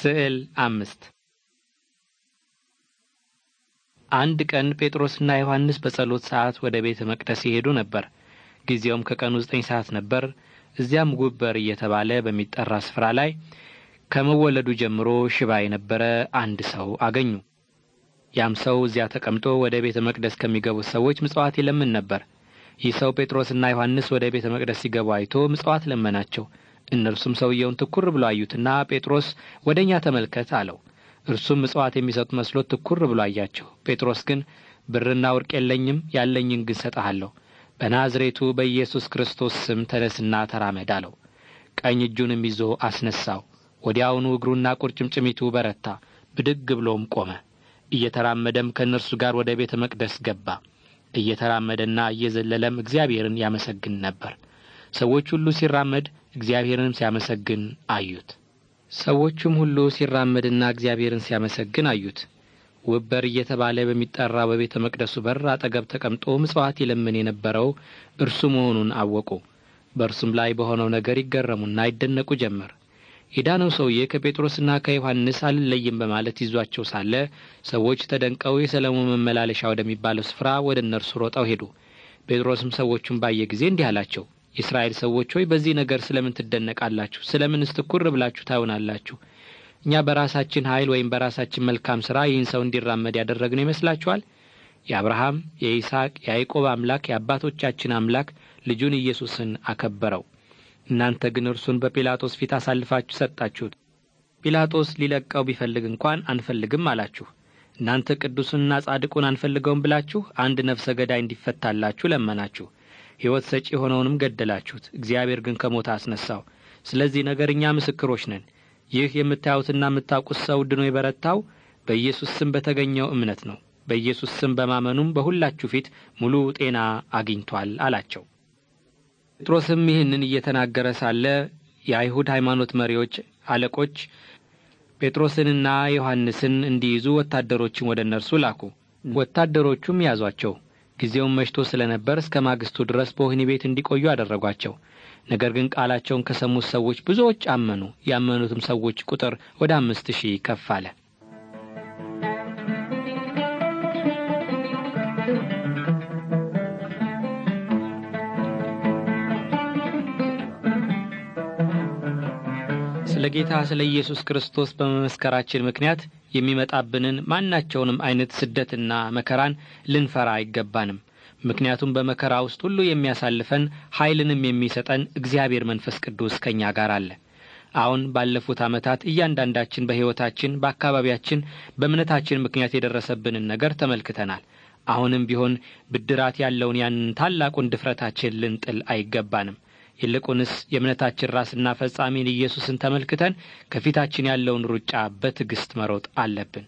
ስዕል አምስት አንድ ቀን ጴጥሮስና ዮሐንስ በጸሎት ሰዓት ወደ ቤተ መቅደስ ይሄዱ ነበር። ጊዜውም ከቀኑ ዘጠኝ ሰዓት ነበር። እዚያም ጉበር እየተባለ በሚጠራ ስፍራ ላይ ከመወለዱ ጀምሮ ሽባ የነበረ አንድ ሰው አገኙ። ያም ሰው እዚያ ተቀምጦ ወደ ቤተ መቅደስ ከሚገቡት ሰዎች ምጽዋት ይለምን ነበር። ይህ ሰው ጴጥሮስና ዮሐንስ ወደ ቤተ መቅደስ ሲገቡ አይቶ ምጽዋት ለመናቸው። እነርሱም ሰውየውን ትኩር ብሎ አዩትና ጴጥሮስ ወደ እኛ ተመልከት አለው። እርሱም እጽዋት የሚሰጡ መስሎት ትኩር ብሎ አያቸው። ጴጥሮስ ግን ብርና ወርቅ የለኝም፣ ያለኝን ግን ሰጠሃለሁ። በናዝሬቱ በኢየሱስ ክርስቶስ ስም ተነስና ተራመድ አለው። ቀኝ እጁንም ይዞ አስነሳው። ወዲያውኑ እግሩና ቁርጭምጭሚቱ በረታ። ብድግ ብሎም ቆመ። እየተራመደም ከእነርሱ ጋር ወደ ቤተ መቅደስ ገባ። እየተራመደና እየዘለለም እግዚአብሔርን ያመሰግን ነበር። ሰዎች ሁሉ ሲራመድ እግዚአብሔርንም ሲያመሰግን አዩት። ሰዎቹም ሁሉ ሲራመድና እግዚአብሔርን ሲያመሰግን አዩት። ውብ እየተባለ በሚጠራ በቤተ መቅደሱ በር አጠገብ ተቀምጦ ምጽዋት ይለምን የነበረው እርሱ መሆኑን አወቁ። በእርሱም ላይ በሆነው ነገር ይገረሙና ይደነቁ ጀመር። የዳነው ሰውዬ ከጴጥሮስና ከዮሐንስ አልለይም በማለት ይዟቸው ሳለ ሰዎች ተደንቀው የሰለሞን መመላለሻ ወደሚባለው ስፍራ ወደ እነርሱ ሮጠው ሄዱ። ጴጥሮስም ሰዎቹን ባየ ጊዜ እንዲህ አላቸው፣ የእስራኤል ሰዎች ሆይ በዚህ ነገር ስለምን ትደነቃላችሁ? ስለምንስ ትኩር ብላችሁ ታውናላችሁ እኛ በራሳችን ኃይል ወይም በራሳችን መልካም ሥራ ይህን ሰው እንዲራመድ ያደረግነው ይመስላችኋል? የአብርሃም የይስሐቅ፣ የያዕቆብ አምላክ የአባቶቻችን አምላክ ልጁን ኢየሱስን አከበረው። እናንተ ግን እርሱን በጲላጦስ ፊት አሳልፋችሁ ሰጣችሁት። ጲላጦስ ሊለቀው ቢፈልግ እንኳን አንፈልግም አላችሁ። እናንተ ቅዱስንና ጻድቁን አንፈልገውም ብላችሁ አንድ ነፍሰ ገዳይ እንዲፈታላችሁ ለመናችሁ። ሕይወት ሰጪ የሆነውንም ገደላችሁት፣ እግዚአብሔር ግን ከሞት አስነሳው። ስለዚህ ነገር እኛ ምስክሮች ነን። ይህ የምታዩትና የምታውቁት ሰው ድኖ የበረታው በኢየሱስ ስም በተገኘው እምነት ነው። በኢየሱስ ስም በማመኑም በሁላችሁ ፊት ሙሉ ጤና አግኝቷል አላቸው። ጴጥሮስም ይህንን እየተናገረ ሳለ የአይሁድ ሃይማኖት መሪዎች አለቆች ጴጥሮስንና ዮሐንስን እንዲይዙ ወታደሮችን ወደ እነርሱ ላኩ። ወታደሮቹም ያዟቸው። ጊዜውን መሽቶ ስለነበር እስከ ማግስቱ ድረስ በወህኒ ቤት እንዲቆዩ አደረጓቸው። ነገር ግን ቃላቸውን ከሰሙት ሰዎች ብዙዎች አመኑ። ያመኑትም ሰዎች ቁጥር ወደ አምስት ሺህ ከፍ አለ። ስለ ጌታ ስለ ኢየሱስ ክርስቶስ በመመስከራችን ምክንያት የሚመጣብንን ማናቸውንም አይነት ስደትና መከራን ልንፈራ አይገባንም። ምክንያቱም በመከራ ውስጥ ሁሉ የሚያሳልፈን ኃይልንም የሚሰጠን እግዚአብሔር መንፈስ ቅዱስ ከኛ ጋር አለ። አሁን ባለፉት ዓመታት እያንዳንዳችን በሕይወታችን፣ በአካባቢያችን፣ በእምነታችን ምክንያት የደረሰብንን ነገር ተመልክተናል። አሁንም ቢሆን ብድራት ያለውን ያንን ታላቁን ድፍረታችን ልንጥል አይገባንም። ይልቁንስ የእምነታችን ራስና ፈጻሚን ኢየሱስን ተመልክተን ከፊታችን ያለውን ሩጫ በትዕግሥት መሮጥ አለብን።